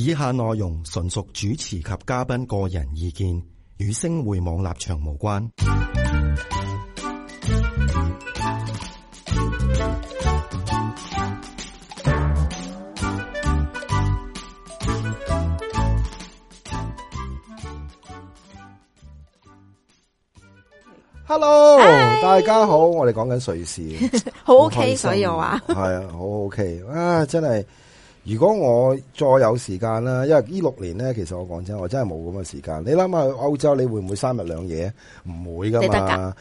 以下內容純屬主持及嘉賓個人意見，與星匯網立場無關。Hello，Hi. 大家好，我哋講緊瑞士，好 OK， 心 所以我話係啊，好 OK 啊，真係。如果我再有時間啦，因為呢六年咧，其實我講真，我真係冇咁嘅時間。你諗下去歐洲，你會唔會三日兩夜？唔會噶嘛。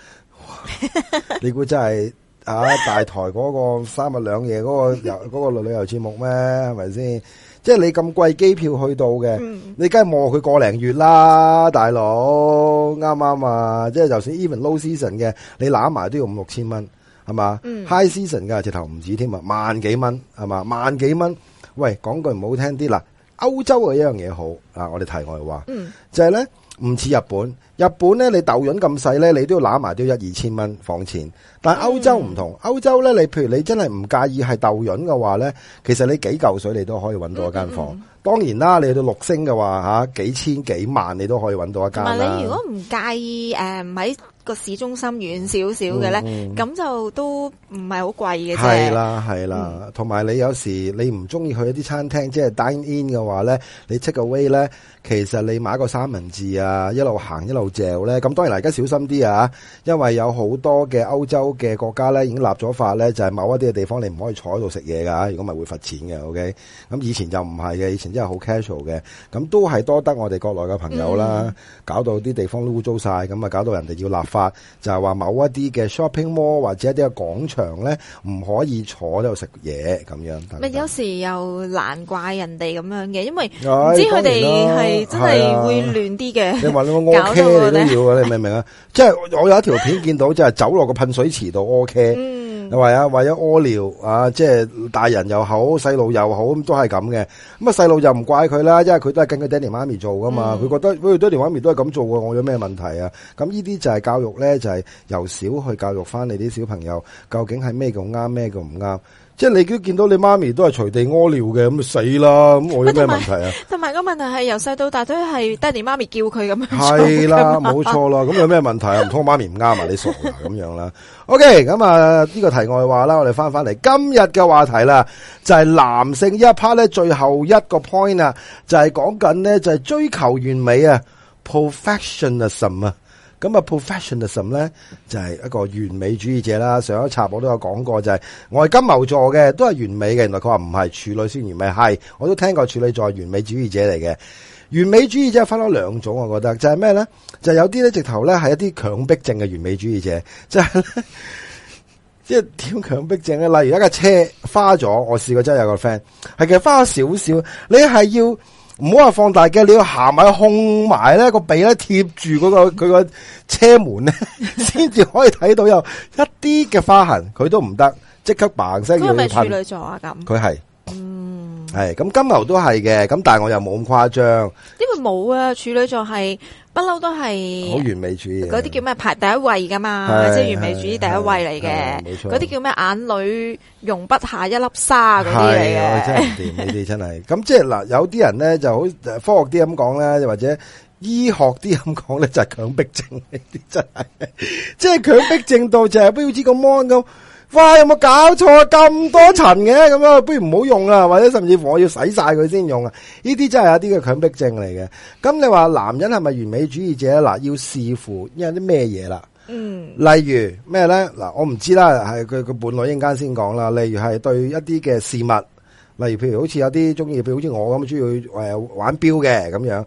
你估真係啊大台嗰個三日兩夜嗰個遊嗰個旅遊節目咩？係咪先？即係你咁貴機票去到嘅，你梗係磨佢個零月啦，大佬。啱啱啊！即係就算 even low season 嘅，你攬埋都要五六千蚊係嘛？high season 嘅直頭唔止添啊，萬幾蚊係嘛？萬幾蚊。喂，講句唔好聽啲啦，歐洲嘅一樣嘢好啊，我哋題外話，嗯、就係咧唔似日本，日本咧你豆潤咁細咧，你都要攬埋啲一二千蚊房錢，但係歐洲唔同，嗯、歐洲咧你譬如你真係唔介意係豆潤嘅話咧，其實你幾嚿水你都可以揾到一間房，嗯嗯嗯，當然啦，你去到六星嘅話幾千幾萬你都可以揾到一間房。你如果唔介意唔喺嗯個市中心遠少少嘅咧，咁、嗯嗯、就都唔係好貴嘅啫。係啦，係啦，同埋、嗯、你有時你唔中意去一啲餐廳，即係 dine in 嘅話咧，你 take away 咧。其實你買個三文治啊，一路行一路嚼咧，咁當然大家小心啲啊，因為有好多嘅歐洲嘅國家咧，已經立咗法咧，就係某一啲嘅地方你唔可以坐喺度食嘢㗎，如果唔係會罰錢嘅，OK？咁以前就唔係嘅，以前真係好 casual 嘅，咁都係多得我哋國內嘅朋友啦，嗯、搞到啲地方污糟晒。咁啊搞到人哋要立法，就係、是、話某一啲嘅 shopping mall 或者一啲嘅廣場咧，唔可以坐喺度食嘢咁樣。咪有時又難怪人哋咁樣嘅，因為唔知佢哋係真係會亂啲嘅，你話你屙坑你都要，你明唔明啊？即係我有一條片見到，即係走落個噴水池度屙坑。嗯，又話啊，為咗屙尿啊，即係大人又好，細路又好，咁都係咁嘅。咁啊細路又唔怪佢啦，因為佢都係跟佢爹哋媽咪做噶嘛，佢覺得我哋爹哋媽咪都係咁做，我有咩問題啊？咁呢啲就係教育咧，就係由小去教育翻你啲小朋友，究竟係咩咁啱，咩咁唔啱。即係你都見到你媽咪都係隨地屙尿嘅，咁咪死啦！咁我有咩問題啊？同埋個問題係由細到大都係爹哋媽咪叫佢咁樣。係啦，冇錯啦。咁有咩問題啊？唔通媽咪唔啱啊？你傻呀？咁樣啦。OK，咁啊呢個題外話啦，我哋翻返嚟今日嘅話題啦，就係男性呢一 part 咧，最後一個 point 啊，就係講緊呢，就係追求完美啊，perfectionism 啊。咁啊，professionalism 咧就係、是、一個完美主義者啦。上一集我都有講過、就是，就係我係金牛座嘅，都係完美嘅。原來佢話唔係處女先完美，係我都聽過處女座係完美主義者嚟嘅。完美主義者分咗兩種，我覺得就係咩咧？就係、是就是、有啲咧，直頭咧係一啲強迫症嘅完美主義者，即係即係點強迫症咧？例如一架車花咗，我試過真係有個 friend 係其實花咗少少，你係要。唔好話放大鏡，你要行埋控埋咧，貼那個鼻咧貼住嗰個佢個車門咧，先至 可以睇到有一啲嘅花痕，佢都唔得，即刻嘭聲要噴。佢係處女座啊，咁。佢係。嗯。係咁，金牛都係嘅，咁但係我又冇咁誇張。因為冇啊，處女座係不嬲都係好完美主義，嗰啲叫咩排第一位噶嘛，即係完美主義第一位嚟嘅。冇錯，嗰啲叫咩眼淚容不下一粒沙嗰啲嚟嘅。真唔掂， 你哋真係。咁即係嗱，有啲人咧就好科學啲咁講咧，或者醫學啲咁講咧，就係、是、強迫症呢啲真係，即係強迫症到就係、是、 不要知個 mon 咁。哇！有冇搞錯咁多層嘅咁樣不如唔好用啊，或者甚至乎我要洗晒佢先用啊！呢啲真係有啲嘅強迫症嚟嘅。咁你話男人係咪完美主義者？嗱，要視乎因為啲咩嘢啦？嗯例，例如咩咧？嗱，我唔知啦。係佢本伴侶該間先講啦。例如係對一啲嘅事物，例如譬如好似有啲中意，譬如好似我咁中意誒玩錶嘅咁樣。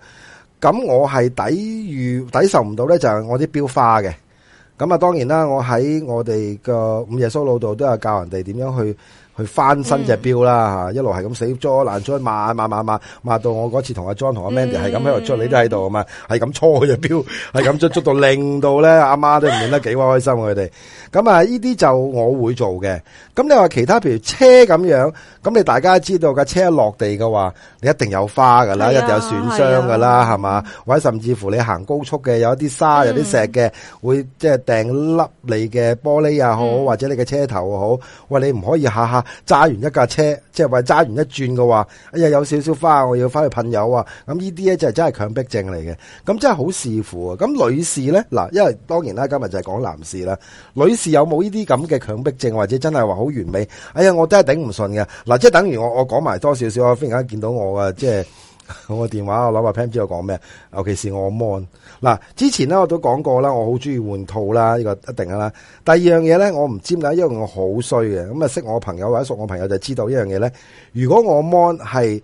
咁我係抵御抵受唔到咧，就係我啲錶花嘅。咁啊，當然啦，我喺我哋嘅午夜蘇老度都有教人哋點樣去去翻身隻標啦，吓一路係咁死捉爛捉抹抹抹抹抹到我嗰次同阿 John 同阿 Mandy 係咁喺度捉，嗯、你都喺度啊嘛，係咁搓隻標，係咁捉捉到令到咧阿媽都唔認得幾開心佢哋。咁啊，呢啲就我會做嘅。咁你話其他譬如車咁樣。咁你大家知道架車一落地嘅話，你一定有花噶啦，呀一定有損傷噶啦，係嘛呀？或者吧甚至乎你行高速嘅，有一啲沙，有啲石嘅，會即係掟粒你嘅玻璃啊，好、嗯、或者你嘅車頭好。喂，你唔可以下下揸完一架車，即係話揸完一轉嘅話，哎呀有少少花，我要翻去噴油啊！咁呢啲咧就係真係強迫症嚟嘅，咁真係好視乎啊！咁女士咧，嗱，因為當然啦，今日就係講男士啦。女士有冇呢啲咁嘅強迫症，或者真係話好完美？哎呀，我真係頂唔順嘅。嗱，即係等於我我講埋多少少啊忽然間見到我啊，即係我個電話，我諗下 p a n 知我講咩？尤其是我 mon，嗱，之前咧我都講過啦，我好中意換套啦，呢、這個一定噶啦。第二樣嘢咧，我唔知點解，因為我好衰嘅。咁啊，識我朋友或者熟我朋友就知道一樣嘢咧。如果我 mon 係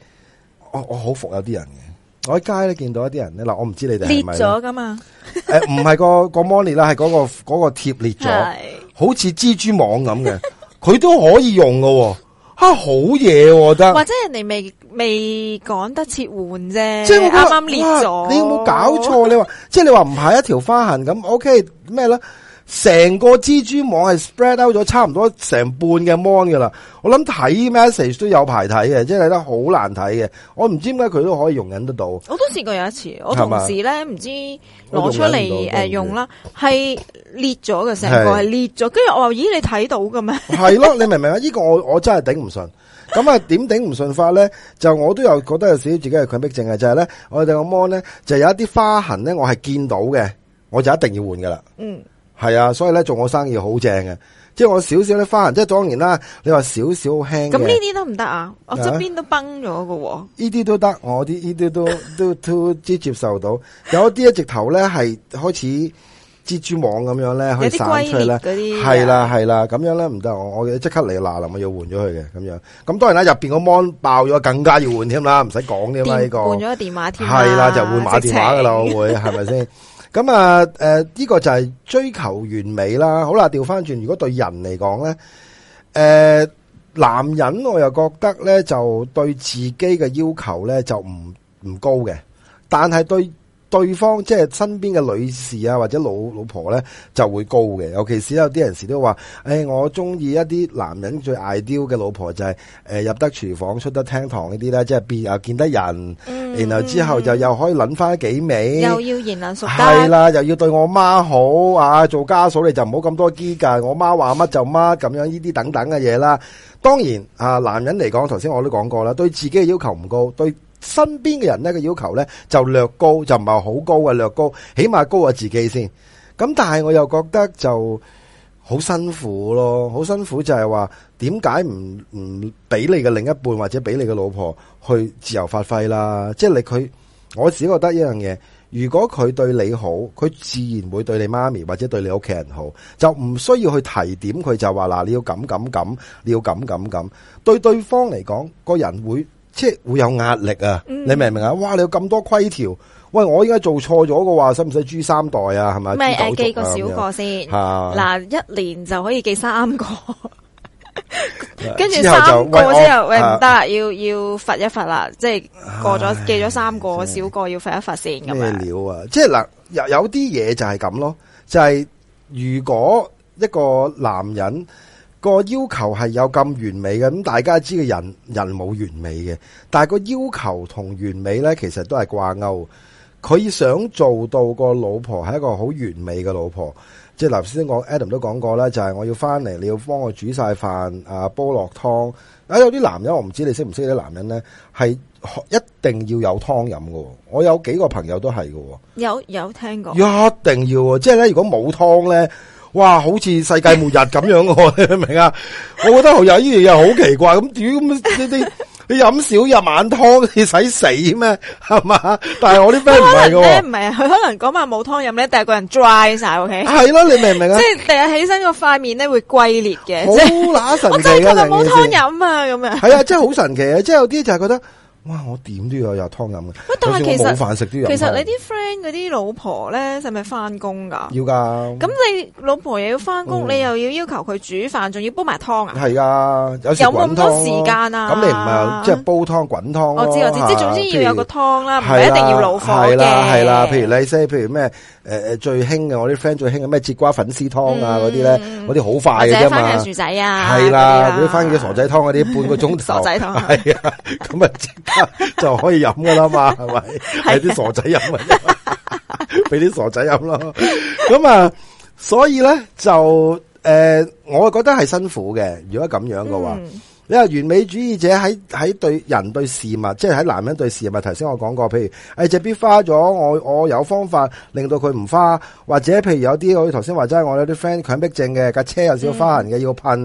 我我好服有啲人嘅，我喺街咧見到一啲人咧，嗱，我唔知你哋裂咗噶嘛、呃？誒、那個，唔係、 那個、那個 mon 裂啦，係嗰個嗰個貼裂咗，好似蜘蛛網咁嘅，佢都可以用噶、啊。好嘢，啊、我覺得或者人哋未未趕得切換啫，即係啱啱裂咗。你有冇搞錯？ 你話即係你話唔係一條花痕咁？O K 咩咧？成個蜘蛛網係 spread out 咗，差唔多成半嘅 mon 噶啦。我諗睇 message 都有排睇嘅，即係睇得好難睇嘅。我唔知點解佢都可以容忍得到。我都試過有一次，我同事咧唔知攞出嚟誒用啦，係、呃、裂咗嘅成個係裂咗，跟住的我話咦，你睇到嘅咩？係咯，你明唔明啊？呢 個我我真係頂唔順咁啊？點頂唔順法咧？就我都有覺得有少少自己係強迫症嘅，就係、是、咧我哋個 mon 咧就是、有一啲花痕咧，我係見到嘅，我就一定要換噶啦。嗯。係啊，所以咧做我生意好正嘅，即係我少少咧翻，即係當然啦。你話少少輕咁呢啲都唔得啊！我側邊都崩咗個喎，呢啲、啊、都得，我啲呢啲都 都都接接受到。有啲一直頭咧係開始蜘蛛網咁樣咧，有啲龜裂嗰啲，係啦係啦咁樣咧唔得，我我即刻嚟嗱臨我要換咗佢嘅咁樣。咁當然啦，入邊個 mon 爆咗更加要換添啦，唔使講嘅啦，呢個換咗個電話添，係啦、啊、就會買電話噶啦成會係咪先？是 咁啊，誒，呢個就係追求完美啦。好啦，調翻轉，如果對人嚟講咧，誒，男人我又覺得咧，就對自己嘅要求咧就唔唔高嘅，但係對，對方即係身邊嘅女士啊，或者老老婆咧就會高嘅。尤其是有啲人士都話，誒、哎，我中意一啲男人最 ideal 嘅老婆就係、是、誒、呃、入得廚房、出得廳堂呢啲咧，即係見又見得人，嗯、然後之後就又可以諗翻幾味，又要賢良淑德，係啦，又要對我媽好啊，做家嫂你就唔好咁多機噶，我媽話乜就乜咁樣呢啲等等嘅嘢啦。當然啊，男人嚟講，頭先我都講過啦，對自己嘅要求唔高，對。身邊嘅人呢個要求呢，就略高，就唔係好高嘅略高，起碼高過自己先。咁但係我又覺得就好辛苦咯，好辛苦就係話點解唔唔俾你嘅另一半或者俾你嘅老婆去自由發揮啦？即係你佢，我只覺得一樣嘢，如果佢對你好，佢自然會對你媽咪或者對你屋企人好，就唔需要去提點佢就話嗱，你要咁咁咁，你要咁咁咁。對對方嚟講，個人會。即係會有壓力啊！嗯、你明唔明啊？哇！你有咁多規條，喂，我依家做錯咗嘅話，使唔使誅三代啊？係咪是？咪係記個少個先？嗱、啊，一年就可以記三個，跟 住三個之後，喂唔得、啊，要要罰一罰啦！即係過咗記咗三個少唉個要罰一罰先，要罰一罰先咁樣。咩料啊？即係嗱，有有啲嘢就係咁咯，就係、是、如果一個男人。要是是個要求係有咁完美嘅，咁大家知嘅人人冇完美嘅，但係個要求同完美呢，其實都係掛鈎。佢想做到個老婆係一個好完美嘅老婆，即係頭先講 Adam 都講過啦，就係、是、我要翻嚟，你要幫我煮晒飯啊，煲落湯啊。有啲男人，我唔知你識唔識啲男人呢，係一定要有湯飲喎。我有幾個朋友都係嘅，有有聽過，一定要即係咧，如果冇湯呢。哇，好似世界末日咁樣。 你明唔明啊？我覺得好有依樣嘢好奇怪，咁點咁你你你飲少一晚湯，你使死咩？係嘛？但係我啲 friend 唔係嘅喎？唔係，佢可能講話冇湯飲咧，但係個人 dry 晒，OK？係咯，你明唔明啊？即係第二日起身個塊面咧會龜裂嘅，即係好神奇嘅。我真係覺得冇湯飲啊，咁樣。係啊，真係好神奇啊！即係有啲就係覺得。哇！我點都要有湯飲嘅。喂，但係其實其實你啲 friend 嗰啲老婆咧，係咪翻工㗎？要㗎。咁你老婆又要翻工，你又要要求佢煮飯，仲要煲埋湯啊？係啊，有時滾湯。有冇咁多時間啊？咁你唔係即係煲湯滾湯咯？我知我知，即係總之要有個湯啦，唔係一定要老火嘅。係啦係啦，譬如你譬如咩誒誒最興嘅，我啲 friend 最興嘅咩節瓜粉絲湯啊嗰啲咧，嗰啲好快嘅薯仔啊，係啦，嗰啲番茄傻仔湯嗰啲，半個鐘。傻仔湯。係啊，咁啊。 就可以飲噶啦嘛，係咪？係啲 傻仔飲，俾啲傻仔子飲咯。 咁啊，所以咧就誒、呃，我覺得係辛苦嘅。如果咁樣嘅話，你話、嗯、完美主義者喺喺對人對事物，即係喺男人對事物，頭先我講過，譬如誒，隻筆花咗，我我有方法令到佢唔花，或者譬如有啲，我頭先話真係我有啲 friend 強迫症嘅，架車有少少花痕嘅要噴，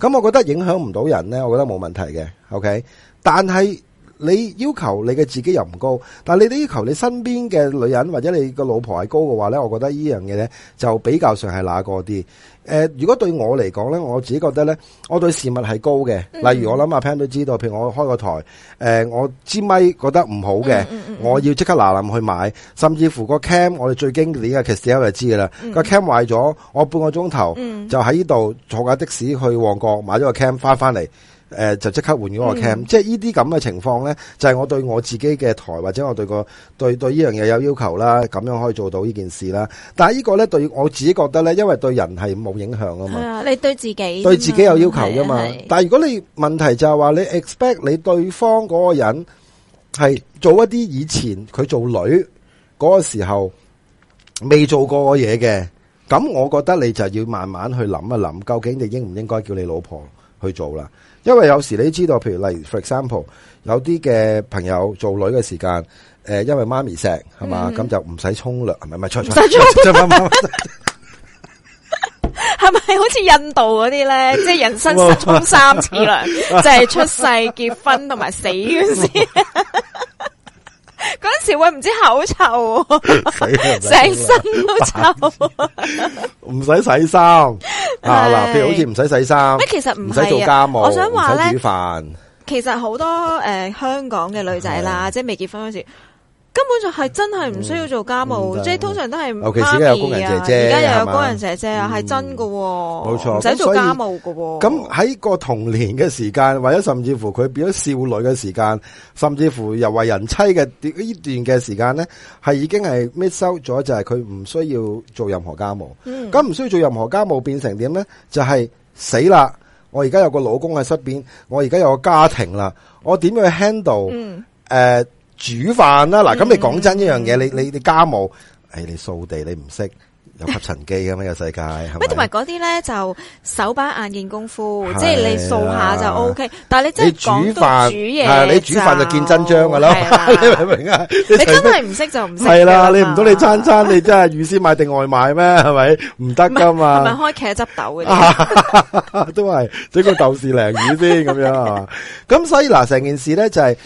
咁、嗯、我覺得影響唔到人咧，我覺得冇問題嘅。OK，但係。你要求你嘅自己又唔高，但係你都要求你身邊嘅女人或者你個老婆係高嘅話咧，我覺得呢樣嘢咧就比較上係哪個啲。誒、呃，如果對我嚟講咧，我自己覺得咧，我對事物係高嘅。嗯嗯例如我諗阿 Pan 都知道，譬如我開個台，誒、呃，我支咪覺得唔好嘅，嗯嗯嗯我要即刻嗱臨去買，甚至乎那個 cam 我哋最經典嘅，其實大家就知噶啦，個 cam 壞咗，我半個鐘頭就喺呢度坐架的士去旺角買咗個 cam 翻翻嚟。誒、呃，就刻換、嗯、即刻換咗個 cam，即係呢啲咁嘅情況呢，就係、是、我對我自己嘅台或者我對個對對呢樣嘢有要求啦，咁樣可以做到呢件事啦。但係呢個呢，對我自己覺得呢，因為對人係冇影響㗎嘛。係啊，你對自己對自己有要求噶嘛？但係如果你問題就係話你 expect 你對方嗰個人係做一啲以前佢做女嗰個時候未做過嘅嘢嘅，咁我覺得你就要慢慢去諗一諗，究竟你應唔應該叫你老婆去做啦。因為有時你知道，譬如例如，for example，有啲嘅朋友做女嘅時間，誒，因為媽咪錫係嘛，咁就唔使沖涼，唔係唔係，出使沖，出使沖。係咪好似印度嗰啲咧？即係人生沖三次涼，即係出世、結婚同埋死嗰時。嗰陣時會唔知口臭，成 身都臭，唔使洗衫啊嗱，譬如好似唔使洗衫，咩其實唔使做家務，我想話呢，唔使煮飯。其實好多誒、呃、香港嘅女仔啦，是即係未結婚嗰時。根本就係真係唔需要做家務，即係、嗯嗯、通常都係工人姐姐，而家又有工人姐姐啊，係嗎、嗯、真噶，冇錯，唔使做家務噶。咁喺個童年嘅時間，或者甚至乎佢變咗少女嘅時間，甚至乎又為人妻嘅呢段嘅時間咧，係、嗯、已經係 miss 咗？就係佢唔需要做任何家務。咁唔、嗯、需要做任何家務，變成點咧？就係、是、死啦！我而家有個老公喺身邊，我而家有個家庭啦，我點樣 handle？誒、嗯。呃煮飯啦、啊，嗱咁你講真一樣嘢，你你你家務，誒你掃地你唔識，有吸塵機咁個世界，喂，同埋嗰啲咧就手板眼見功夫，啊、即係你掃下就 O、OK, K，但係你真係煮飯煮嘢你煮飯就，、啊、就見真章噶啦、啊， 你明唔明啊你餐餐？你真係唔識就唔識。係啦，你唔到你餐餐你真係預先買定外賣咩？係咪唔得噶嘛？係咪開茄汁豆啊？ 都係整個豆豉鯪魚先咁樣啊？咁 所以嗱，成件事咧就係、是。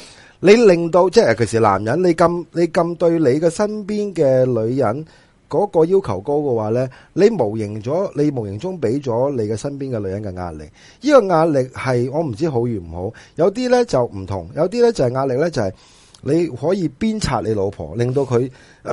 你令到即係，尤其是男人，你咁你咁對你嘅身邊嘅女人嗰個要求高嘅話呢，你無形咗，你無形中俾咗你嘅身邊嘅女人嘅壓力。呢、這個壓力係我唔知好與唔好，有啲呢就唔同，有啲呢就係、是、壓力呢就係、是、你可以鞭策你老婆，令到佢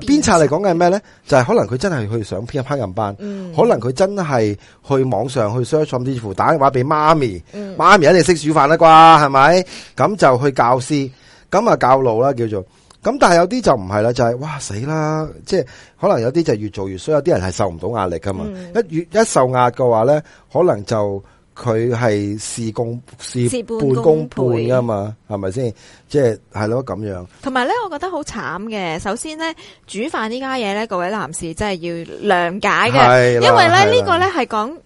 鞭策嚟講嘅係咩呢？就係、是、可能佢真係去上偏一烹飪班，嗯、可能佢真係去網上去 search，甚至乎打電話俾媽咪，媽、嗯、咪一定識煮飯啦啩？係咪？咁就去教師。咁啊，教路啦，叫做，咁但係有啲就唔係啦，就係哇死啦！即係可能有啲就越做越衰，有啲人係受唔到壓力噶嘛。一越一受壓嘅話咧，可能就佢係事半事倍功半噶嘛，係咪先？即係係咯咁樣。同埋咧，我覺得好慘嘅。首先咧，煮飯呢家嘢咧，各位男士真係要諒解嘅，因為咧呢個咧係講。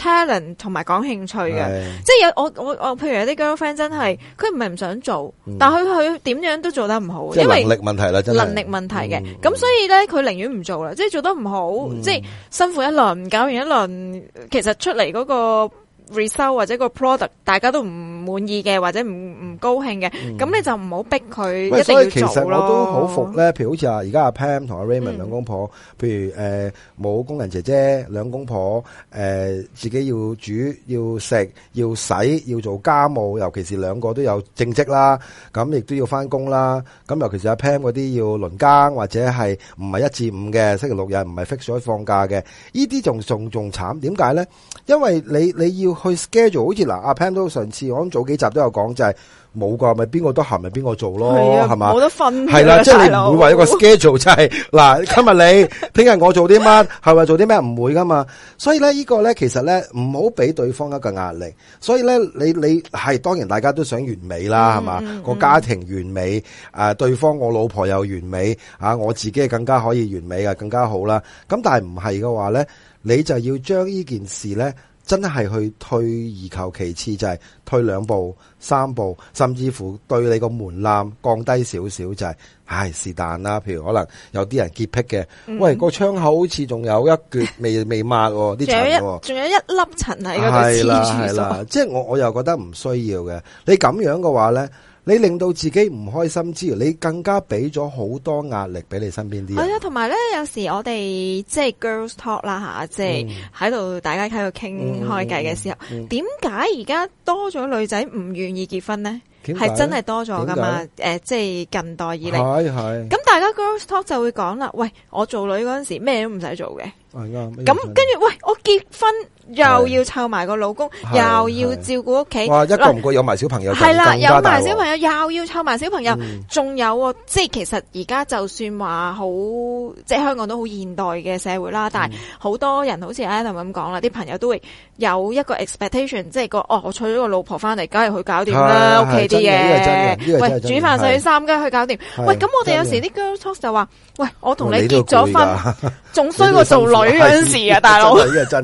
talent 同埋講興趣嘅，即係有我我我，譬如有啲 girlfriend 真係，佢唔係唔想做，但係佢點樣都做得唔好，因為能力問題啦，真係能力問題嘅，咁所以咧佢寧願唔做啦，即係做得唔好，即係辛苦一輪，搞完一輪，其實出嚟嗰個，回收或者個 product 大家都唔滿意嘅，或者唔唔高興嘅，咁你就唔好逼佢一定要做咯。所以其實我都好服咧，譬如好似話而家阿 Pam 同阿 Raymond 兩公婆，譬如誒，冇工人姐姐兩公婆，誒，自己要煮要食要洗要做家務，尤其是兩個都有正職啦，咁亦都要翻工啦。咁尤其是阿 Pam 嗰啲要輪更或者係唔係一至五嘅，星期六日唔係 fixed 咗放假嘅，呢啲仲仲仲慘。點解咧？因為你你要去 schedule 好似，嗱，阿 Pan 都上次我諗早幾集都有講，就係冇噶，咪邊個都行咪邊個做咯，係嘛的？冇吧得分係啦，即係的弟你唔會話一個 schedule 就係、是、嗱， 今日你，聽日我做啲乜，係咪 做啲咩唔會噶嘛？所以咧，呢個咧，其實咧，唔好俾對方一個壓力。所以咧，你你係當然大家都想完美啦，係嘛、嗯嗯嗯？個家庭完美，誒、嗯嗯啊，對方我老婆又完美，啊，我自己更加可以完美啊，更加好啦。咁、啊、但係唔係嘅話咧，你就要將呢件事咧。真係去退而求其次，就係退兩步、三步，甚至乎對你個門檻降低少少，就係、是、唉是但啦。譬如可能有啲人潔癖嘅，嗯、喂個窗口好似仲有一橛未 未，未抹，仲有一仲有一粒塵喺嗰度黐住喇，即係 我我又覺得唔需要嘅。你咁樣嘅話咧。你令到自己唔開心之餘，你更加俾咗好多壓力俾你身邊啲人。係啊，同埋咧，有時我哋即係 girls talk 啦吓，即係喺度大家喺度傾開偈嘅時候，點解而家多咗女仔唔願意結婚咧？係真係多咗噶嘛？誒，即係近代以嚟，係係是。咁大家 girls talk 就會講啦，喂，我做女嗰陣時咩都唔使做嘅。咁跟住，喂，我結婚又要湊埋個老公，又要照顧屋企。哇，一個唔覺有埋小朋友，係啦，有埋小朋友，又要湊埋小朋友，仲有啊！即係其實而家就算話好，即係香港都好現代嘅社會啦，但係好多人好似 Adam 咁講啦，啲朋友都會有一個 expectation，即係個哦，我娶咗個老婆翻嚟，梗係去搞掂啦屋企啲嘢，喂，煮飯洗衫，梗係去搞掂。喂，咁我哋有時啲 girl talk 就話，喂，我同你結咗婚，仲衰過做老。女嗰陣時啊，大佬喂咁啊，真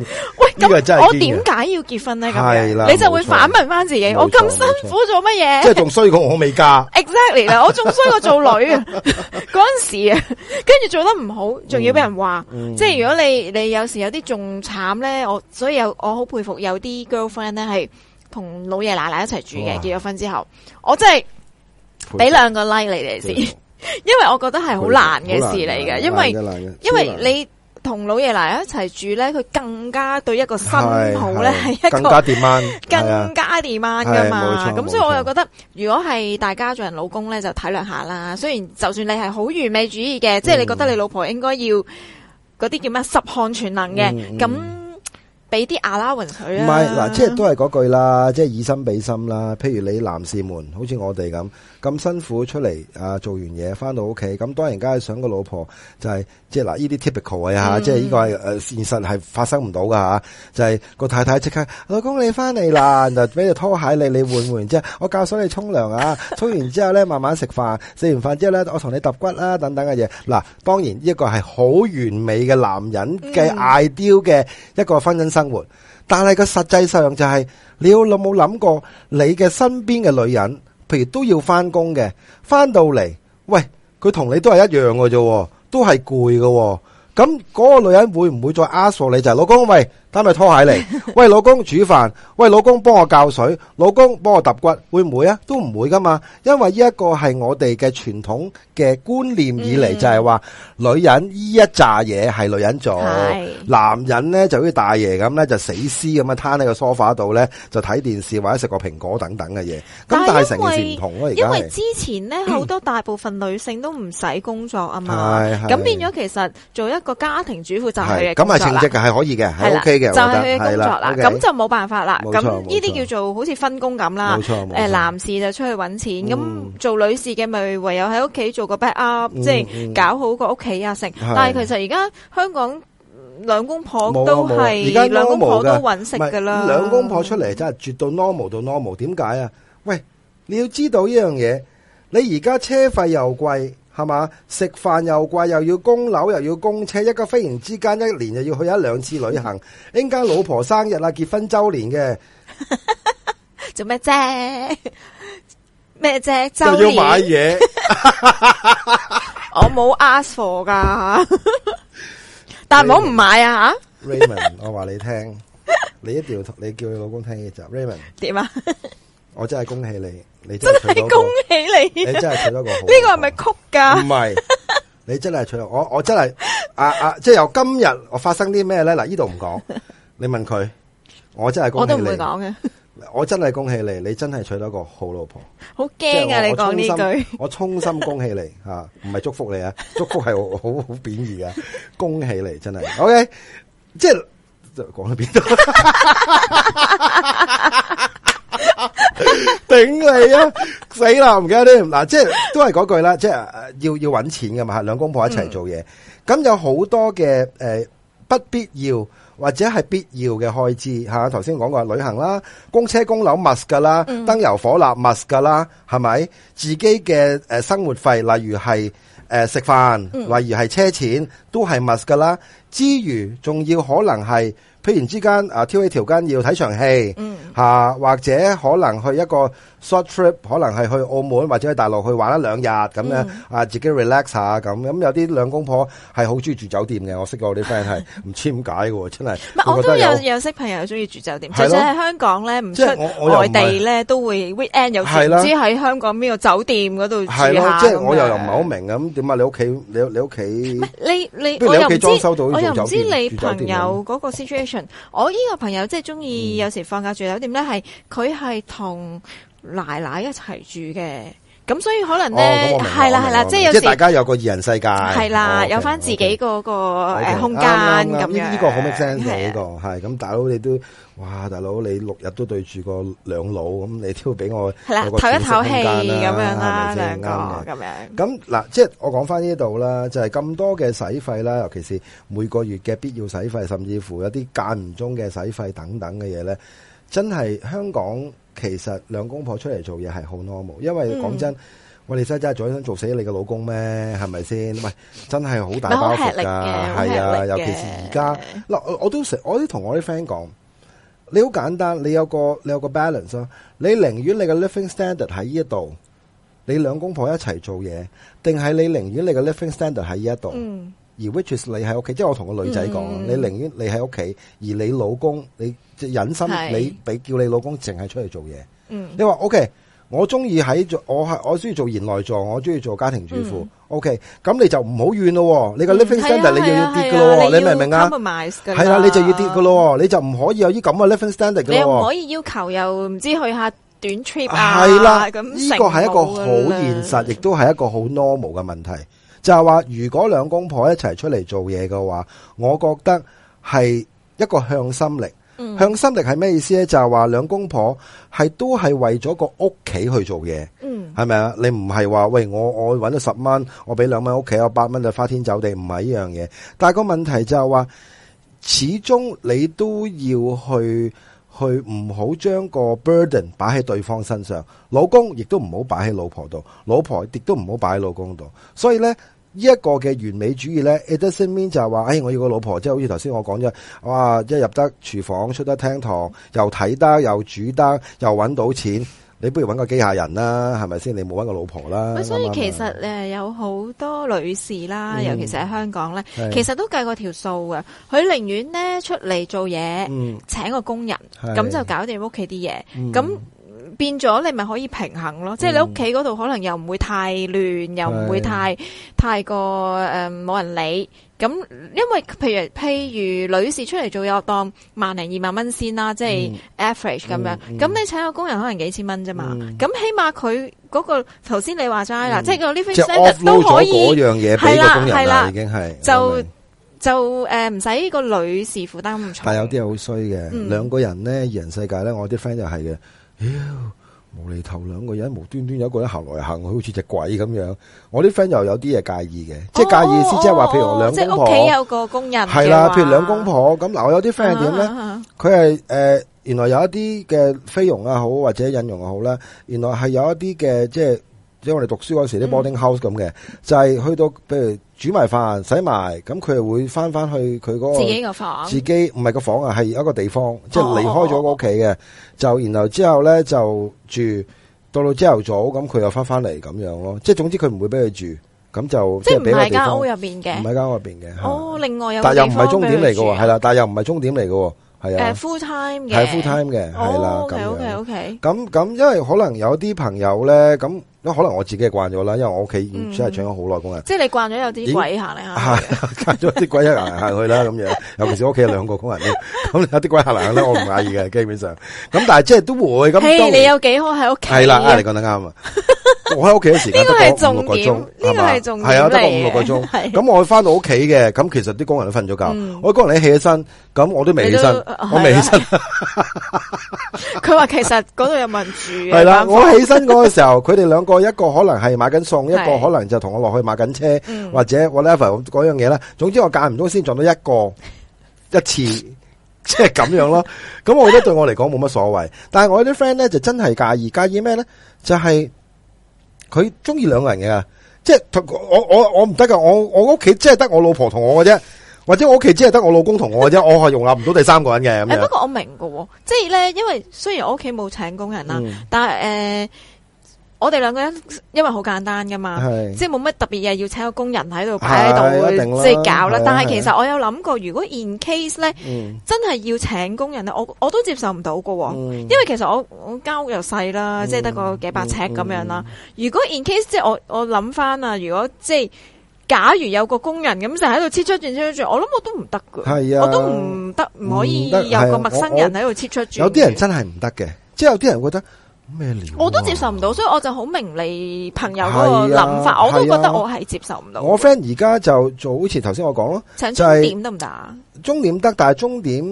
我點解要結婚咧？咁你就會反問翻自己，我咁辛苦做乜嘢？即係仲衰過我未嫁？Exactly，我仲衰過做女嗰陣時啊，跟住做得唔好，仲要俾人話。即係如果你你有時有啲仲慘咧，我所以有我好佩服有啲 girlfriend 咧係同老爺奶奶一齊住嘅，結咗婚之後，我真係俾兩個 like 你哋先，因為我覺得係好難嘅事嚟嘅，因為因為你。同老爺嚟一齊住呢，佢更加對一個新抱呢，係一個更加刁蠻的更加刁蠻噶嘛。咁所以我又覺得，錯如果係大家做人老公呢，就體諒下啦。雖然就算你係好完美主義嘅，嗯、即係你覺得你老婆應該要嗰啲叫咩十項全能嘅咁。嗯嗯俾啲阿拉云佢唔係嗱，即係都係嗰句啦，即係以心比心啦。譬如你男士們，好似我哋咁咁辛苦出嚟啊，做完嘢翻到屋企，咁當然梗係想個老婆就係、是、即係嗱，呢啲 typical、嗯、啊，即係呢個係誒現實係發生唔到噶吓，就係、是、個太太即刻老公你翻嚟啦，就俾對拖鞋你，你換換完之後，我教咗你沖涼啊，沖 完之後咧慢慢食飯，食完飯之後咧我同你揼骨啦、啊、等等嘅嘢。嗱，當然呢一個係好完美嘅男人嘅 ideal 嘅一個婚姻。嗯嗯生活，但係佢實際上就係，你有冇諗過你嘅身邊嘅女人，譬如都要翻工嘅，翻到嚟，喂，佢同你都係一樣嘅啫，都係攰嘅，咁嗰個女人會唔會再壓你就係老公喂？攬埋拖鞋嚟，喂，老公煮飯，喂老公幫我教水，老公幫我揼骨，會唔會啊？都唔會噶嘛，因為呢一個係我哋嘅傳統嘅觀念以嚟，嗯、就係話女人依一扎嘢係女人做，是的 男人咧就好似大爺咁咧，就死屍咁樣，攤喺個梳化度咧，就睇電視或者食個蘋果等等嘅嘢。咁但係成件事唔同咯、啊，而家因為之前咧好 多大部分女性都唔使工作啊嘛，咁的變咗其實做一個家庭主婦就係咁啊，成績係可以嘅，係 OK 嘅。就係佢嘅工作啦，咁就冇辦法啦。咁呢啲叫做好似分工咁啦。冇錯。誒，男士就出去揾錢，咁做女士嘅咪唯有喺屋企做個 backup，即係搞好個屋企啊成。但係其實而家香港兩公婆都係兩公婆都揾食噶啦。兩公婆出嚟真係絕對 normal 到 normal。點解啊？喂，你要知道呢樣嘢，你而家車費又貴。係嘛？食飯又貴，又要供樓，又要供車，一個飛然之間，一年又要去一兩次旅行。應家老婆生日啦，結婚周年嘅。 做咩啫？咩啫？周年要買嘢。我冇 ask for 噶， 但係唔好唔買啊！Raymond，我話你聽， 你一定要同你叫你老公聽呢集 Raymond，點樣啊？ 我真係恭喜你，你真係娶到個。真係恭喜你，你真係娶到個好。呢個係咪曲噶？唔係，你真係娶我，我真係啊啊，即係由今日我發生啲咩咧？嗱，呢度唔講，你問佢，我真係我都唔會講嘅。我真係恭喜你，你真係娶到個好老婆。好驚啊！你講呢句，我衷心恭喜你吓，唔係祝福你啊！祝福係好好貶義嘅，恭喜你真係。OK，即係講喺邊度？頂 你啊！死啦，唔該你嗱，即係都係嗰句啦，即係要要搵錢噶嘛，兩公婆一齊做嘢，咁、嗯、有好多嘅、誒、呃、不必要或者係必要嘅開支吓，頭先講過旅行啦，供車供樓 must 噶啦，燈、嗯、油火蠟 must 噶啦，係咪？自己嘅、誒、呃、生活費，例如係誒、呃、食飯，例如係車錢，都係 must 噶啦。之餘，仲要可能係。突然之間啊，挑起條筋要睇場戲，嗯，吓、啊，或者可能去一個。Short trip 可能係去澳門或者喺大陸去玩一兩日咁咧，啊自己 relax 下咁。咁有啲兩公婆係好中意住酒店嘅，我識過我啲 friend 係唔知點解嘅，真係。唔，我都有有識朋友中意住酒店，即使喺香港咧，唔出內地咧，都會 weekend 有唔知喺香港邊個酒店嗰度住。係咯，即係我又又唔係好明咁點啊？你屋企你你屋企？你你，不如你屋企裝修到酒店。我又唔知你朋友嗰個 situation。我呢個朋友即係中意有時放假住酒店咧，係佢係同。奶奶一齊住嘅，咁所以可能咧，係啦係啦，即係有即係大家有個二人世界，係啦，有翻自己嗰個誒空間咁樣。呢個好咩聲嘅呢個係咁，大佬你都哇，大佬你六日都對住個兩老咁，你都要俾我係啦，透一透氣咁樣啦，兩個咁樣。咁嗱，即係我講翻呢度啦，就係咁多嘅使費啦，尤其是每個月嘅必要使費，甚至乎有啲間唔中嘅使費等等嘅嘢咧。真係香港，其實兩公婆出嚟做嘢係好 normal。因為講真，我哋、嗯、真真係想做死你嘅老公咩？係咪先？真係好大包袱噶，係啊。尤其是而家嗱，我都成，我都同我啲 friend 講，你好簡單，你有個你有個 balance 咯。你寧願你嘅 living standard 喺呢一度，你兩公婆一齊做嘢，定係你寧願你嘅 living standard 喺呢一度？嗯而 which is 你喺屋企，即係我同個女仔講，你寧願你喺屋企，而你老公你忍心你俾叫你老公淨係出去做嘢。你話 OK，我中意喺做，我係我中意做賢內助，我中意做家庭主婦。OK，咁你就唔好怨咯。你個 living standard 你又要跌噶咯，你明唔明啊？係啦，你就要跌噶咯，你就唔可以有啲咁嘅 living standard 噶。你唔可以要求又唔知去下短 trip 係係啦，咁呢個係一個好現實，亦都係一個好 normal 嘅問題。就係話如果兩公婆一齊出嚟做嘢嘅話，我覺得係一個向心力。嗯、向心力係咩意思呢？就係話兩公婆係都係為咗個屋企去做嘢。嗯，係咪啊？你唔係話喂，我我揾咗十蚊，我俾兩蚊屋企，我八蚊就花天酒地，唔係呢樣嘢。但係個問題就係話，始終你都要去去唔好將個 burden 擺喺對方身上。老公亦都唔好擺喺老婆度，老婆亦都唔好擺喺老公度。所以呢。呢一個嘅完美主義咧 it doesn't mean 就係話，哎，我要個老婆，即係好似頭先我講咗，哇，一入得廚房出得廳堂，又睇得又煮得又揾到錢，你不如揾個機械人啦，係咪先？你冇揾個老婆啦。所以其實誒，嗎有好多女士啦，尤其是喺香港咧，嗯、其實都計過條數嘅，佢寧願咧出嚟做嘢，嗯、請個工人，咁是就搞掂屋企啲嘢，咁、嗯。變咗你咪可以平衡咯，即係你屋企嗰度可能又唔會太亂，又唔會太太過誒冇人理。咁因為譬如譬如女士出嚟做嘢當萬零二萬蚊先啦，即係 average 咁樣。咁你請個工人可能幾千蚊啫嘛。咁起碼佢嗰個頭先你話齋啦，即係個 living standard 都可以樣嘢俾個工人啦，已經係就就誒唔使個女士負擔咁重。但有啲好衰嘅，兩個人咧，二人世界咧，我啲 friend 就係嘅。屌、哎，無厘頭，兩個人無端端有一個人行來行去，好似隻鬼咁樣。我啲 friend 又有啲嘢介意嘅，哦、即係介意思即係話譬如我兩公婆，即係屋企有個工人係啦。譬如兩公婆咁嗱，我有啲 friend 係點咧？佢係誒，原來有一啲嘅菲傭啊好，或者引傭又好啦。原來係有一啲嘅，即係即係我哋讀書嗰時啲 boarding house 咁嘅，嗯、就係去到譬如。煮埋飯洗埋，咁佢又會翻翻去佢嗰個自己個房，自己唔係個房啊，係一個地方，即係離開咗個屋企嘅。就然後之後咧就住到到朝頭早，咁佢又翻翻嚟咁樣咯。即係總之佢唔會俾佢住，咁就即係唔係間屋入邊嘅，唔係間屋入邊嘅。哦，另外有但又唔係終點嚟嘅喎，係啦，但又唔係終點嚟嘅喎，係啊。full time 嘅係 full time 嘅，係啦。O K O K O K。咁咁，因為可能有啲朋友咧，咁。可能我自己係慣咗啦，因為我屋企已經係請咗好耐工人。即係你慣咗有啲鬼行嚟吓，係慣咗啲鬼一行嚟行去啦咁樣。尤其是屋企有兩個工人，咁有啲鬼行嚟行去，我唔介意嘅。基本上，咁但係即係都會咁。你有幾好喺屋企？係啦，你講得啱啊！我喺屋企嘅時間得個五六個鐘，呢個係重要。係啊，得個五六個鐘。咁我翻到屋企嘅，咁其實啲工人都瞓咗覺。我工人起起身，咁我都未起身，我未起身。佢話其實嗰度有民主。係啦，我起身嗰個時候，佢哋兩個。一個可能係買緊餸，一個可能就同我落去買緊車，是嗯、或者 whatever 嗰樣嘢啦。總之我間唔中先撞到一個一次，即係咁樣咯。咁我覺得對我嚟講冇乜所謂。但係我啲 friend 咧，就真係介意，介意咩咧？就係佢中意兩個人嘅，即、就、係、是、我我我唔得噶。我我屋企即係得我老婆同我嘅啫，或者我屋企只係得我老公同我嘅啫。 我係容納唔到第三個人嘅。不過、哎、我明噶，即係咧，因為雖然我屋企冇請工人啦，嗯、但係誒。呃我哋兩個人因為好簡單噶嘛，是即係冇乜特別嘢要請個工人喺度擺喺度，即係搞啦。啊、但係其實我有諗過，如果 in case 咧，嗯、真係要請工人咧，我我都接受唔到噶。嗯、因為其實我我間屋又細啦，即係得個幾百尺咁樣啦。嗯嗯、如果 in case 即係我我諗翻啊，如果即係假如有個工人咁就喺度切出轉切出轉，我諗我都唔得噶。係啊，我都唔得，唔可以有個陌生人喺度切出轉。啊、有啲人真係唔得嘅，即係有啲人覺得。咩料？啊、我都接受唔到，所以我就好明你朋友嗰個諗法，啊啊、我都覺得我係接受唔到、啊。我 friend 而家就做，早前頭先我講咯，中點得唔得，中點得、就是，但係中點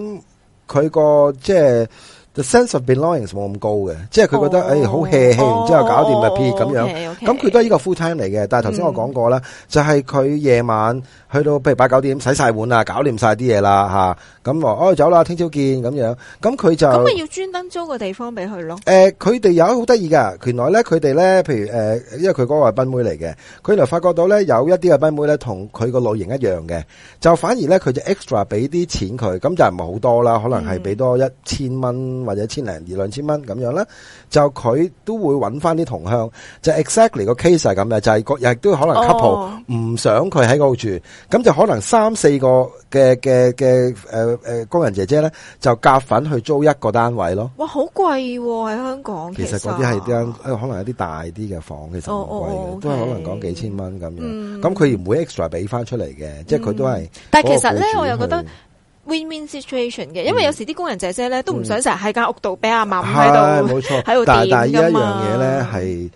佢個即係。就 sense of belongings 冇咁高嘅，即係佢覺得誒好 hea hea 然之後搞掂咪撇咁樣，咁佢 okay, okay, 都係呢個 full time 嚟嘅。但係頭先我講過啦，嗯、就係佢夜晚去到譬如八九點洗晒碗啊，搞掂晒啲嘢啦吓，咁話哦走啦，聽朝見咁樣，咁、嗯、佢就咁咪要專登租個地方俾佢咯。誒、呃，佢哋有好得意噶，原來咧佢哋咧，譬如誒、呃，因為佢嗰個係賓妹嚟嘅，佢原來發覺到咧有一啲嘅賓妹咧同佢個類型一樣嘅，就反而咧佢就 extra 俾啲錢佢，咁就唔係好多啦，可能係俾多一、嗯、千蚊。或者一千零二兩千蚊咁樣啦，就佢都會揾翻啲同鄉，就是、exactly 個 case 係咁嘅，就係、是、個亦都可能 couple、oh. 唔想佢喺嗰度住，咁就可能三四個嘅嘅嘅誒誒工人姐姐咧，就夾份去租一個單位咯。哇，好貴喎！喺香港其實嗰啲係可能有啲大啲嘅房，其實唔貴嘅，oh. Oh. Okay. 都可能講幾千蚊咁樣。咁佢唔會 extra 俾翻出嚟嘅，mm. 即係佢都係。但係其實咧，去我又覺得。win-win win situation 嘅，因為有時啲工人姐姐咧、嗯、都唔想成日喺間屋度俾阿嫲喺度，喺度掂㗎嘛。但係依一樣嘢咧係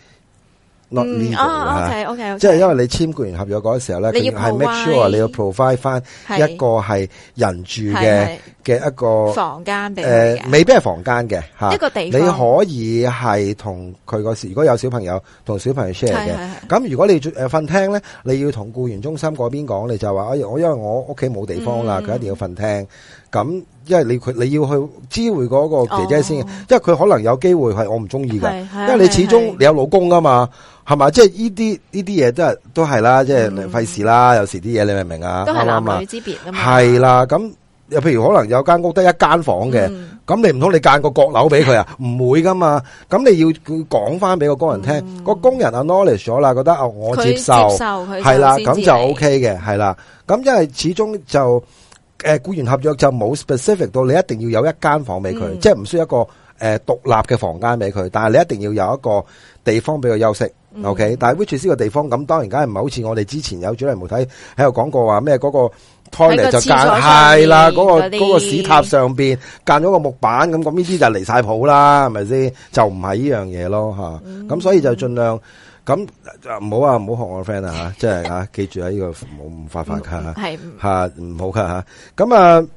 落嚟嚇，即係因為你簽雇員合約嗰時候咧，佢係 make sure 你要 provide 翻一個係人住嘅嘅一個房間俾、呃、未必係房間嘅嚇。一個地方你可以係同佢個時，如果有小朋友同小朋友 share 嘅。咁如果你誒瞓廳咧，你要同雇員中心嗰邊講，你就話：我因為我屋企冇地方啦，佢、嗯、一定要瞓廳。咁，因為你佢你要去知會嗰個姐姐先，因為佢可能有機會係我唔中意嘅，因為你始終你有老公啊嘛，係嘛？即係呢啲呢啲嘢都係都係啦，即係費事啦。有時啲嘢你明唔明啊？係嘛？係啦，咁又譬如可能有間屋得一間房嘅，咁你唔通你間個閣樓俾佢啊？唔會噶嘛？咁你要講翻俾個工人聽，個工人阿 Knowledge 咗啦，覺得啊，我接受，係啦，咁就 OK 嘅，係啦。咁因為始終就。誒，僱員合約就冇 specific 到你一定要有一間房俾佢，即係唔需要一個誒獨立嘅房間俾佢，但係你一定要有一個地方俾佢休息。OK，但係 which is 個地方咁，當然梗係唔係好似我哋之前有主流媒體喺度講過話咩嗰個台嚟就間係啦，嗰個嗰個屎塔上邊間咗個木板，咁咁呢啲就離晒譜啦，係咪先？就唔係呢樣嘢咯，吓，咁所以就盡量。咁唔、啊、好啊，唔好學我 friend 啊吓，即係吓，記住啊，呢、這個好唔發發卡吓，吓唔好噶吓。咁 是啊，誒誒、啊啊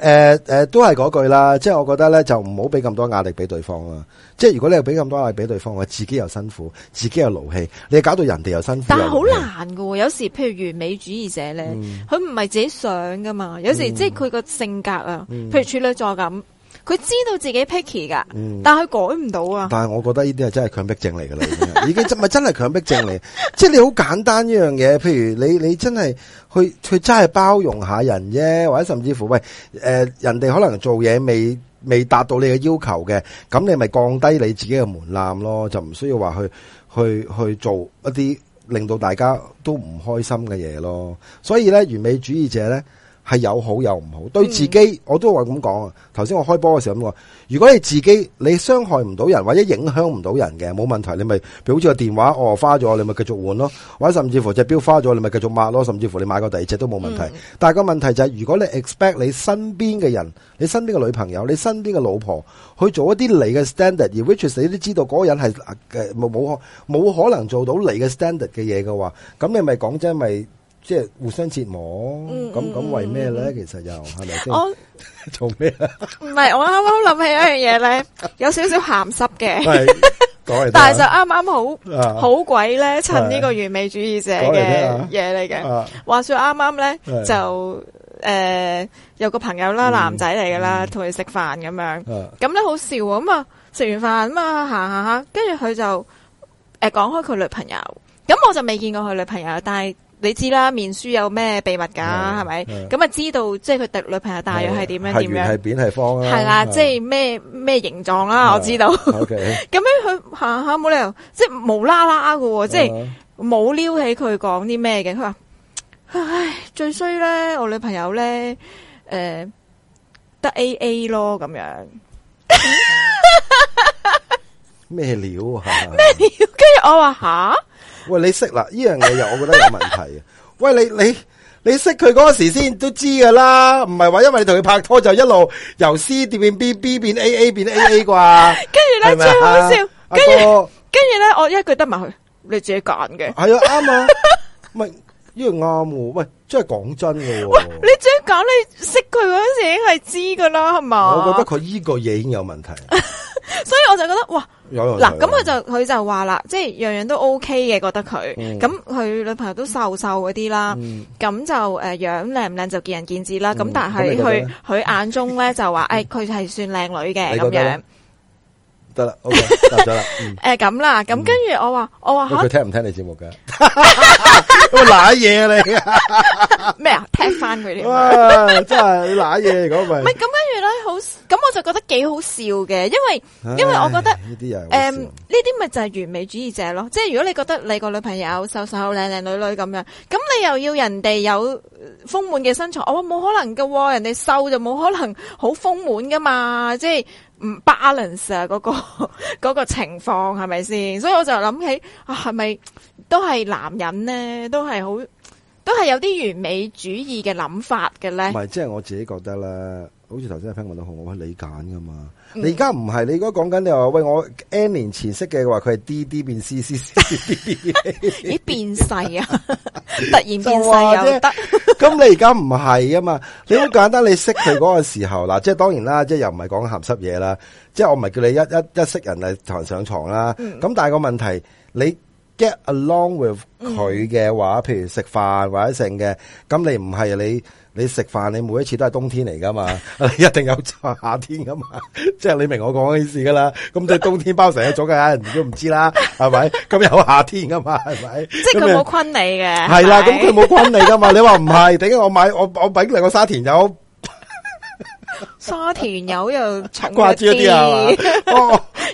呃呃，都係嗰句啦，即係我覺得咧，就唔好俾咁多壓力俾對方啦、啊。即係如果你又俾咁多壓力俾對方，我自己又辛苦，自己又勞氣，你就搞到人哋又辛苦又，但係好難噶。有時譬如完美主義者咧，佢唔係自己想噶嘛。有時即係佢個性格啊，譬如處女座咁。嗯嗯。佢知道自己 picky 噶，嗯、但係佢改唔到啊！但係我覺得呢啲係真係強迫症嚟噶啦， 已經真係真係強迫症嚟，即係你好簡單呢樣嘢。譬如你你真係去去真係包容一下人啫，或者甚至乎喂誒、呃，人哋可能做嘢未未達到你嘅要求嘅，咁你咪降低你自己嘅門檻咯，就唔需要話去去去做一啲令到大家都唔開心嘅嘢咯。所以咧，完美主義者咧。係有好有唔好，對自己、嗯、我都話咁講啊！頭先我開波嘅時候咁話，如果你自己你傷害唔到人或者影響唔到人嘅冇問題，你咪，譬如好似個電話哦花咗，你咪繼續換咯；或者甚至乎隻錶花咗，你咪繼續抹咯。甚至乎你買個第二隻都冇問題。嗯、但係個問題就係、是，如果你 expect 你身邊嘅人、你身邊嘅女朋友、你身邊嘅老婆去做一啲你嘅 standard，而 which 你都知道嗰人係冇冇可能做到你嘅 standard 嘅嘢嘅話，咁你咪講真咪？就是即係互相折磨，咁咁為咩咧？其實又係咪先做咩啊？唔係，我啱啱諗起一樣嘢咧，有少少鹹濕嘅，但係就啱啱好好鬼咧，趁呢個完美主義者嘅嘢嚟嘅。話說啱啱咧就誒有個朋友啦，男仔嚟噶啦，同佢食飯咁樣，咁咧好笑啊！咁啊食完飯咁啊行行下，跟住佢就誒講開佢女朋友，咁我就未見過佢女朋友，但係。你知啦，面書有咩秘密噶，係咪？咁啊，吧是知道即係佢滴女朋友大約係點樣點樣？係圓係扁係方、啊啊、是啦。係啦是，即係咩咩形狀啦？我知道。咁 okay 樣佢行下冇理由，即係無啦啦喎，啊、即係冇撩起佢講啲咩嘅。佢話：唉，最衰咧，我女朋友咧，誒、呃，得 A A 咯，咁樣。咩料啊？咩料？ 跟住我話吓？」喂，你識啦？呢樣嘢又我覺得有問題 喂，你你你識佢嗰時先都知噶啦，唔係話因為你同佢拍拖就一路由 C 變 B，B 變 A，A 變 A 啩？跟住咧最好笑，跟住著哥跟住咧，我一句得埋佢，你自己揀嘅係啊，啱啊，唔係呢個啱喂，真係講真嘅、啊，你自己講你識佢嗰時已經係知噶啦，係嘛？我覺得佢呢個嘢已經有問題。 所以我就覺得哇，嗱，咁佢就佢就話啦，即係樣樣都 OK 嘅，覺得佢，咁佢、嗯、女朋友都瘦瘦嗰啲啦，咁、嗯、就誒、呃、樣靚唔靚就見仁見智啦，咁、嗯、但係佢佢眼中咧就話，誒佢係算靚女嘅咁樣。得啦，O K，答咗啦。誒，咁啦，咁跟住我話，我話佢聽唔聽你節目噶？拉嘢你咩啊？聽翻佢哋哇，真係拉嘢，咁咪唔係咁跟住咧，好咁我就覺得幾好笑嘅，因為因為我覺得呢啲人誒，呢啲咪就係完美主義者咯。即係如果你覺得你個女朋友瘦瘦靚靚女女咁樣，咁你又要人哋有豐滿嘅身材，我話冇可能噶，人哋瘦就冇可能好豐滿噶嘛，即係。唔 balance 啊，嗰個嗰個情況係咪先？所以我就諗起，啊，係咪都係男人咧，都係好，都係有啲完美主義嘅諗法嘅咧？唔係，即係我自己覺得啦。好似頭先聽講到我，我可以理解噶嘛你？你而家唔係，你如果講緊你話，喂我 N 年前識嘅話，佢係 D D 變 C C C D D，咦變細小啊？ 突然變細又得？咁你而家唔係啊嘛？你好簡單，你識佢嗰個時候 啦即係當然啦，即係又唔係講鹹濕嘢啦，即係我唔係叫你一一一識人嚟同人上床啦。咁 但係個問題，你 get along with 佢嘅 話，譬如食飯或者剩嘅，咁你唔係你。你食飯你每一次都係冬天嚟噶嘛？一定有夏天噶嘛？即係你明我講嘅意思噶啦。咁即係冬天包成日左嘅，人都唔知啦，係咪？咁有夏天噶嘛？係咪？即係佢冇昆你嘅。係啦，咁佢冇昆你噶嘛？你話唔係？頂我買我我俾兩個沙田柚，沙田柚又重啲。掛住嗰啲啊！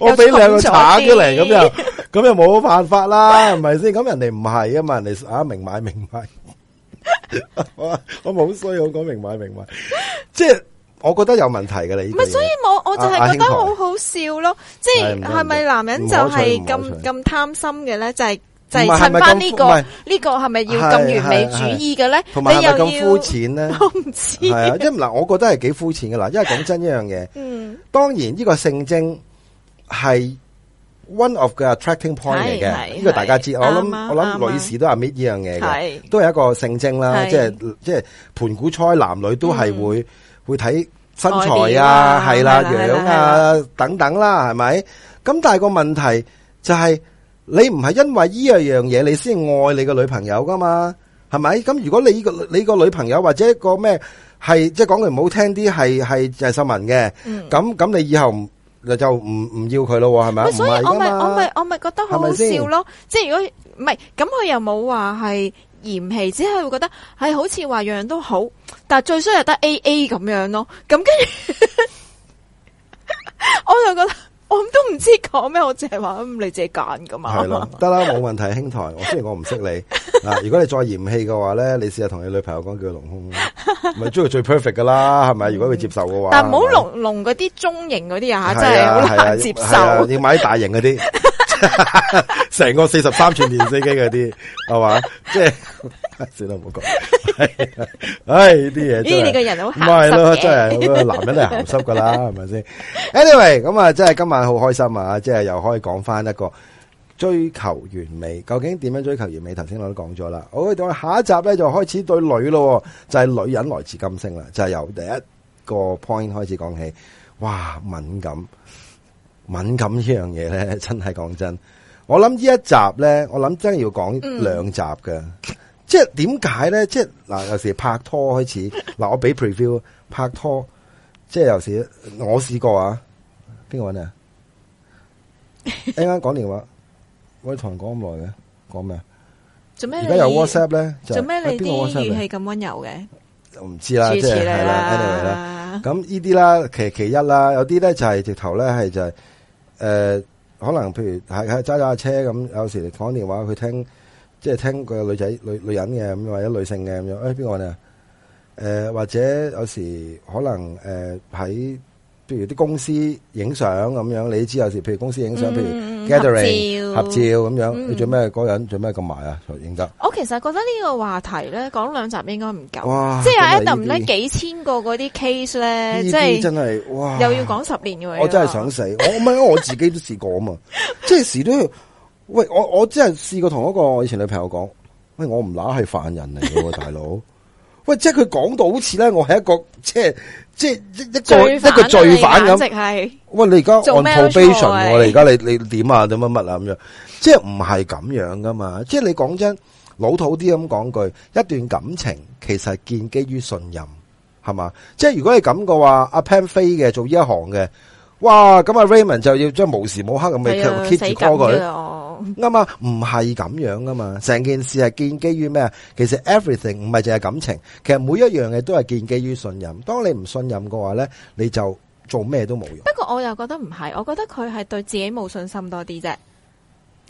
我我俾兩個橙出嚟，咁樣咁又冇辦法啦，係咪先？咁人哋唔係啊嘛，人哋阿明買明買。我我冇衰，我講明白明白即係、就是、我覺得有問題㗎。你，唔係所以我我就係覺得好好笑咯，即係係咪男人就係咁咁貪心嘅咧？就係、是、就係趁翻呢個呢個係咪要咁完美主義嘅咧？你又要膚淺咧？我唔知。因係嗱，我覺得係幾膚淺㗎啦，因為講真一樣嘢，嗯，當然呢個性徵係。one of 嘅 attracting point 嚟嘅，呢個大家知。我諗我諗女士都係搣呢樣嘢嘅，都係一個性徵啦。即係即係盤古初，男女都係會會睇身材啊，係啦，樣啊等等啦，係咪？咁但係個問題就係你唔係因為呢樣樣嘢你先愛你嘅女朋友噶嘛？係咪？咁如果你個你個女朋友或者一個咩係即係講句唔好聽啲係係鄭秀文嘅，咁咁你以後唔。嗱就唔唔要佢咯，係咪？所以我咪我咪我咪覺得好好笑咯。係咪即係如果唔係咁，佢又冇話係嫌棄，只係會覺得係好似話樣樣都好，但係最衰又得 AA 咁樣咯。咁跟住，我就覺得。我都唔知講咩，我淨係話你自己揀噶嘛。係咯吧，得啦， 冇問題，兄台。我雖然我唔識你嗱， 如果你再嫌棄嘅話咧，你試下同你女朋友講叫佢隆胸，咪中意最 perfect 噶啦，係咪？嗯、如果佢接受嘅話，但係唔好隆隆嗰啲中型嗰啲啊吓， 真係好難接受，啊啊啊、要買啲大型嗰啲。 成 個四十三寸電視機嗰啲係嘛，即係、 就是、 算啦，唔好講。唉、 哎，啲嘢呢？你個人唔係咯，真係、 那個、男人都係鹹濕噶啦，係咪先？Anyway，咁、嗯、啊，真係今晚好開心啊！即係又可以講翻一個追求完美，究竟點樣追求完美？頭先我都講咗啦。好、哦，我下一集咧就開始對女咯，就係、是、女人來自金星啦，就係、是、由第一個 point 開始講起。哇，敏感！敏感這呢樣嘢咧，真係講真，我諗呢一集咧，我諗真係要講兩集嘅、嗯。即係點解咧？即係嗱，有時拍拖開始，嗱、啊，我俾 preview 拍拖，即係有時我試過啊。邊個揾啊？啱啱講電話，我同人講咁耐嘅，講咩啊？做咩？而家有 WhatsApp 咧？做咩？你啲語氣咁溫柔嘅？我唔知啦，即係係啦 anyway 啦。咁呢啲啦，其其一啦，有啲咧就係、是、直頭咧、就是，係就係。誒、呃，可能譬如係喺揸揸車咁，有時講電話去聽，即係聽個女仔女女人嘅咁，或者女性嘅咁樣，誒，邊個嚟啊？誒、呃，或者有時可能誒喺、呃，譬如啲公司影相咁樣，你知有時譬如公司影相，嗯、譬如。Gather ing，合照合照咁樣，嗯、你做咩嗰人做咩咁埋啊？認得我其實覺得呢個話題咧，講兩集應該唔夠，哇即係有 d a 唔拎幾千個嗰啲 case 咧，即係真係哇，又要講十年嘅我真係想死， 我唔係我自己都試過啊嘛， 即係時都要喂我我真係試過同一個以前女朋友講，喂我唔乸係犯人嚟嘅大佬。 喂，即係佢講到好似咧，我係一個即係即係一個一個罪犯咁，直係。喂，你而家 on probation 我哋而家你你點啊？點乜乜啊？咁樣，即係唔係咁樣噶嘛？即係你講真老土啲咁講句，一段感情其實係建基於信任，係嘛？即係如果你咁嘅話，阿 Pam 飛嘅做呢一行嘅。哇！咁啊，Raymond 就要將無時無刻咁嘅 keep 住拖佢，啱啊，唔係咁樣噶嘛，成件事係建基於咩啊？其實 everything 唔係淨係感情，其實每一樣嘢都係建基於信任。當你唔信任嘅話咧，你就做咩都冇用。不過我又覺得唔係，我覺得佢係對自己冇信心多啲啫。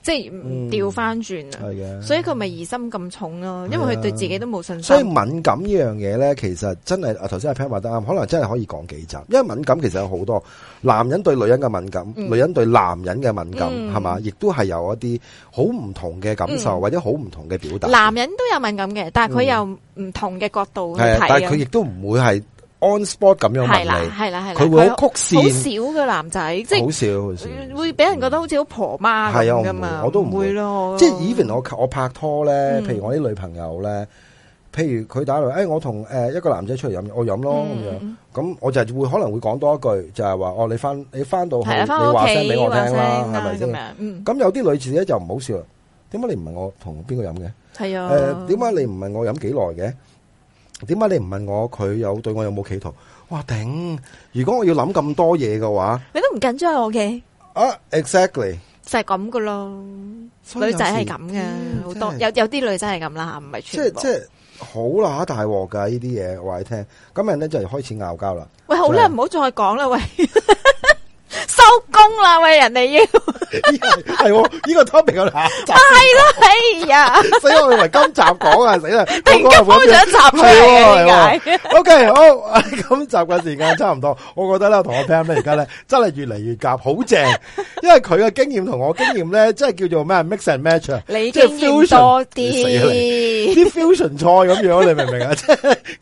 即係調翻轉啊，嗯、所以佢咪疑心咁重咯、啊，因為佢對自己都冇信心。所以敏感呢樣嘢咧，其實真係啊，頭先阿 p a 話得啱，可能真係可以講幾集，因為敏感其實有好多男人對女人嘅敏感，嗯、女人對男人嘅敏感，係嘛、嗯，亦都係有一啲好唔同嘅感受、嗯、或者好唔同嘅表達。男人都有敏感嘅，但係佢又唔同嘅角度去睇、嗯。但係佢亦都唔會係。On spot 咁樣問你，係啦，係啦，係啦，佢會好曲線，好少嘅男仔，即係好少，會俾人覺得好似好婆媽咁噶嘛，我都唔會咯。即係 even 我我拍拖咧，譬如我啲女朋友咧，譬如佢打來，誒，我同誒一個男仔出嚟飲，我飲咯咁樣，咁我就會可能會講多一句，就係話，哦，你翻你翻到，你話聲俾我聽啦，係咪先？咁有啲女士咧就唔好笑，點解你唔問我同邊個飲嘅？係啊，誒，點解你唔問我飲幾耐嘅？點解你唔問我佢有對我有冇企圖？哇頂！如果我要諗咁多嘢嘅話，你都唔緊張我嘅啊？Exactly 就係咁噶咯，女仔係咁嘅，好多有有啲女仔係咁啦，唔係全部。即係即係好啦大鑊噶呢啲嘢，話你聽。今日咧就係開始拗交啦。喂，好啦，唔好再講啦，喂。收工啦喂，人哋要係呢個 topic 個下集係咯，哎呀死！我以為今集講啊死啦，突然間換咗集嘅？係喎，係喎。OK 好，今集嘅時間差唔多，我覺得咧同我 plan 咧而家咧真係越嚟越夾，好正。因為佢嘅經驗同我經驗咧，即係叫做咩 mix and match，即係 fusion 多啲啲 fusion 菜咁樣，你明唔明啊？即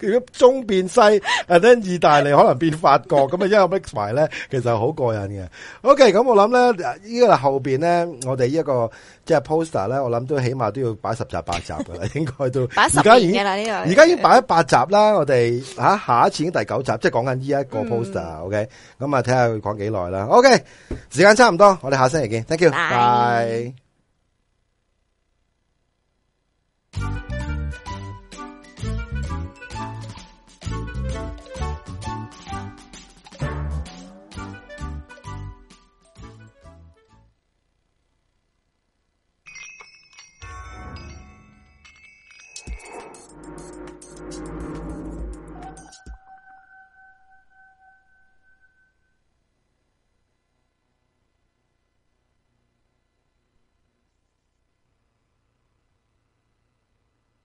係中變西，誒咧意大利可能變法國咁啊，一個 mix 埋咧，其實好過癮。OK，咁我諗咧，依個後邊咧，我哋依一個即係 poster 咧，我諗都起碼都要擺十集八集噶啦，應該都。擺十集嘅啦呢個。而家已經擺咗八集啦，我哋吓下一次已經第九集，即係講緊依一個 poster。OK，咁啊，睇下佢講幾耐啦。OK，時間差唔多，我哋下星期見。Thank you，拜拜。